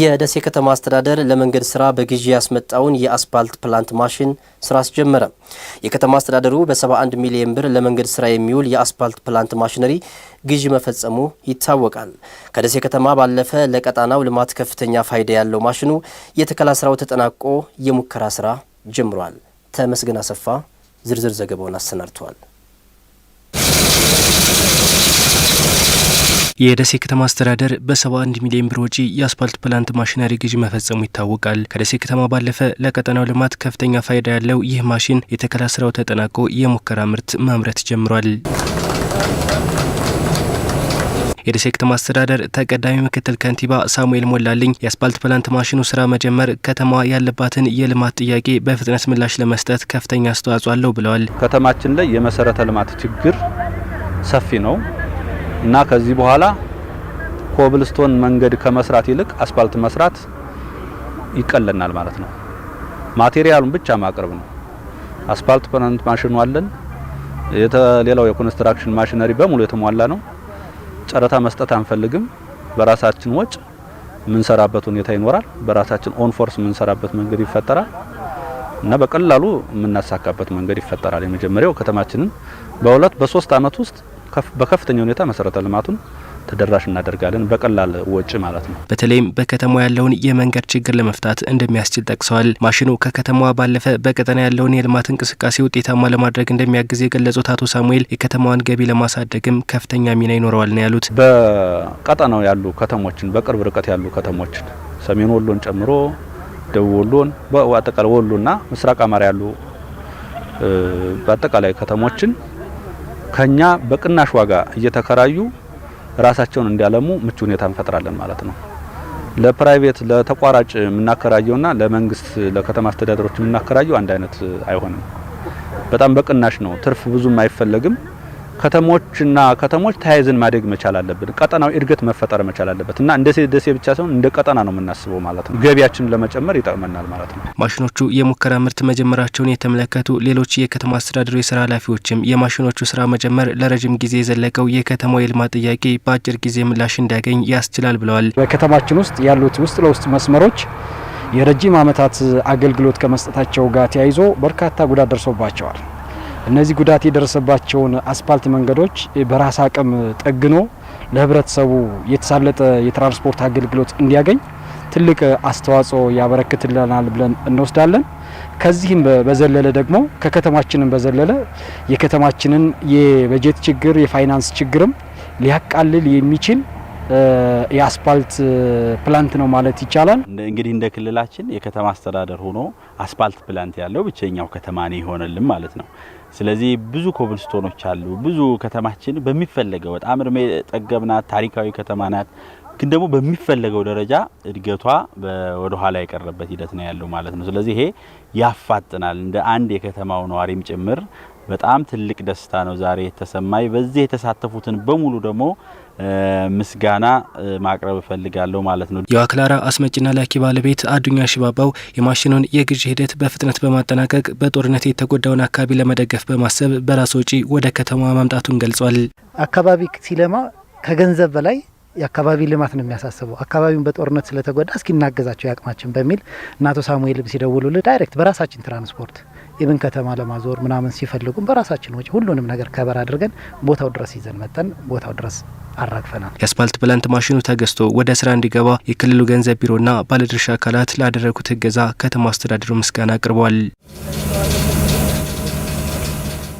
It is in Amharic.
የደሴ ከተማ አስተዳደር ለመንገድ ስራ በግዢ ያስመጣውን የአስፓልት ፕላንት ማሽን ስራ አስጀመረ። የከተማ አስተዳደሩ በ71 ሚሊዮን ብር ለመንገድ ስራ የሚውል የአስፓልት ፕላንት ማሽነሪ ግዢ መፈጸሙ ይታወቃል። ከደሴ ከተማ ባለፈ ለቀጣናው ልማት ከፍተኛ ፋይዳ ያለው ማሽኑ የተከላ ስራው ተጠናቆ የሙከራ ስራ ጀምሯል። ተመስገን አሰፋ ዝርዝር ዘገባውን አሰናድቷል። የደሴ ከተማ አስተዳደር በ71 ሚሊዮን ብር ወጪ የአስፓልት ፕላንት ማሽነሪ ግዢ መፈጸሙ ይታወቃል። ከደሴ ከተማ ባለፈ ለቀጠናው ልማት ከፍተኛ ፋይዳ ያለው ይህ ማሽን የተከላ ስራው ተጠናቆ የሙከራ ምርት ማምረት ጀምሯል። የደሴ ከተማ አስተዳደር ተቀዳሚ ምክትል ከንቲባ ሳሙኤል ሞላልኝ የአስፓልት ፕላንት ማሽኑ ስራ መጀመር ከተማዋ ያለባትን የልማት ጥያቄ በፍጥነት ምላሽ ለመስጠት ከፍተኛ አስተዋጽኦ አለው ብለዋል። ከተማችን ላይ የመሰረተ ልማት ችግር ሰፊ ነው። እና ከዚህ በኋላ ኮብልስቶን መንገድ ከመስራት ይልቅ አስፋልት መስራት ይቀለናል ማለት ነው። ማቴሪያሉን ብቻ ማቅረብ ነው። አስፋልት ፐርመንት ማሽኑ አለን። ሌላው የኮንስትራክሽን ማሽነሪ በሙሉ የተሟላ ነው። ጨረታ መስጠት አንፈልግም። በራሳችን ወጭ የምንሰራበት ሁኔታ ይኖራል። በራሳችን ኦን ፎርስ የምንሰራበት መንገድ ይፈጠራል እና በቀላሉ የምናሳካበት መንገድ ይፈጠራል። የመጀመሪያው ከተማችንን በሁለት በሶስት አመት ውስጥ በከፍተኛ ሁኔታ መሰረተ ልማቱን ተደራሽ እናደርጋለን፣ በቀላል ወጪ ማለት ነው። በተለይም በከተማ ያለውን የመንገድ ችግር ለመፍታት እንደሚያስችል ጠቅሰዋል። ማሽኑ ከከተማዋ ባለፈ በቀጠና ያለውን የልማት እንቅስቃሴ ውጤታማ ለማድረግ እንደሚያግዝ የገለጹት አቶ ሳሙኤል የከተማዋን ገቢ ለማሳደግም ከፍተኛ ሚና ይኖረዋል ነው ያሉት። በቀጠናው ያሉ ከተሞችን በቅርብ ርቀት ያሉ ከተሞችን ሰሜን ወሎን ጨምሮ ደቡብ ወሎን በአጠቃላይ ወሎና ምስራቅ አማራ ያሉ በአጠቃላይ ከተሞችን ከኛ በቅናሽ ዋጋ እየተከራዩ ራሳቸውን እንዲያለሙ ምቹ ሁኔታ እንፈጥራለን ማለት ነው። ለፕራይቬት ለተቋራጭ የምናከራየውና ለመንግስት ለከተማ አስተዳደሮች የምናከራየው አንድ አይነት አይሆንም። በጣም በቅናሽ ነው። ትርፍ ብዙም አይፈለግም። ከተሞችና ከተሞች ተያይዘን ማደግ መቻል አለብን። ቀጠናዊ እድገት መፈጠር መቻል አለበት እና እንደ ደሴ ብቻ ሳይሆን እንደ ቀጠና ነው የምናስበው ማለት ነው። ገቢያችን ለመጨመር ይጠቅመናል ማለት ነው። ማሽኖቹ የሙከራ ምርት መጀመራቸውን የተመለከቱ ሌሎች የከተማ አስተዳደሩ የስራ ኃላፊዎችም የማሽኖቹ ስራ መጀመር ለረጅም ጊዜ የዘለቀው የከተማው የልማት ጥያቄ በአጭር ጊዜ ምላሽ እንዲያገኝ ያስችላል ብለዋል። በከተማችን ውስጥ ያሉት ውስጥ ለውስጥ መስመሮች የረጅም ዓመታት አገልግሎት ከመስጠታቸው ጋር ተያይዞ በርካታ ጉዳት ደርሶባቸዋል። እነዚህ ጉዳት የደረሰባቸውን አስፓልት መንገዶች በራስ አቅም ጠግኖ ለህብረተሰቡ የተሳለጠ የትራንስፖርት አገልግሎት እንዲያገኝ ትልቅ አስተዋጽኦ ያበረክትልናል ብለን እንወስዳለን። ከዚህም በዘለለ ደግሞ ከከተማችንም በዘለለ የከተማችንን የበጀት ችግር የፋይናንስ ችግርም ሊያቃልል የሚችል የአስፓልት ፕላንት ነው ማለት ይቻላል። እንግዲህ እንደ ክልላችን የከተማ አስተዳደር ሆኖ አስፓልት ፕላንት ያለው ብቸኛው ከተማ ነው ይሆነልን ማለት ነው። ስለዚህ ብዙ ኮብልስቶኖች አሉ። ብዙ ከተማችን በሚፈለገው በጣም እድሜ ጠገብ ናት። ታሪካዊ ከተማ ናት። ግን ደግሞ በሚፈለገው ደረጃ እድገቷ ወደ ኋላ የቀረበት ሂደት ነው ያለው ማለት ነው። ስለዚህ ይሄ ያፋጥናል። እንደ አንድ የከተማው ነዋሪም ጭምር በጣም ትልቅ ደስታ ነው ዛሬ የተሰማኝ። በዚህ የተሳተፉትን በሙሉ ደግሞ ምስጋና ማቅረብ እፈልጋለሁ ማለት ነው። የዋክላራ አስመጭና ላኪ ባለቤት አዱኛ ሽባባው የማሽኑን የግዢ ሂደት በፍጥነት በማጠናቀቅ በጦርነት የተጎዳውን አካባቢ ለመደገፍ በማሰብ በራስ ወጪ ወደ ከተማዋ ማምጣቱን ገልጿል። አካባቢ ሲለማ ከገንዘብ በላይ የአካባቢ ልማት ነው የሚያሳስበው። አካባቢውን በጦርነት ስለተጎዳ እስኪ እናገዛቸው ያቅማችን በሚል እና አቶ ሳሙኤልም ሲደውሉልህ ዳይሬክት በራሳችን ትራንስፖርት ኢብን ከተማ ለማዞር ምናምን ሲፈልጉም በራሳችን ወጪ ሁሉንም ነገር ከበር አድርገን ቦታው ድረስ ይዘን መጠን ቦታው ድረስ አራግፈናል። የአስፓልት ፕላንት ማሽኑ ተገዝቶ ወደ ስራ እንዲገባ የክልሉ ገንዘብ ቢሮና ባለድርሻ አካላት ላደረጉት እገዛ ከተማ አስተዳደሩ ምስጋና አቅርበዋል።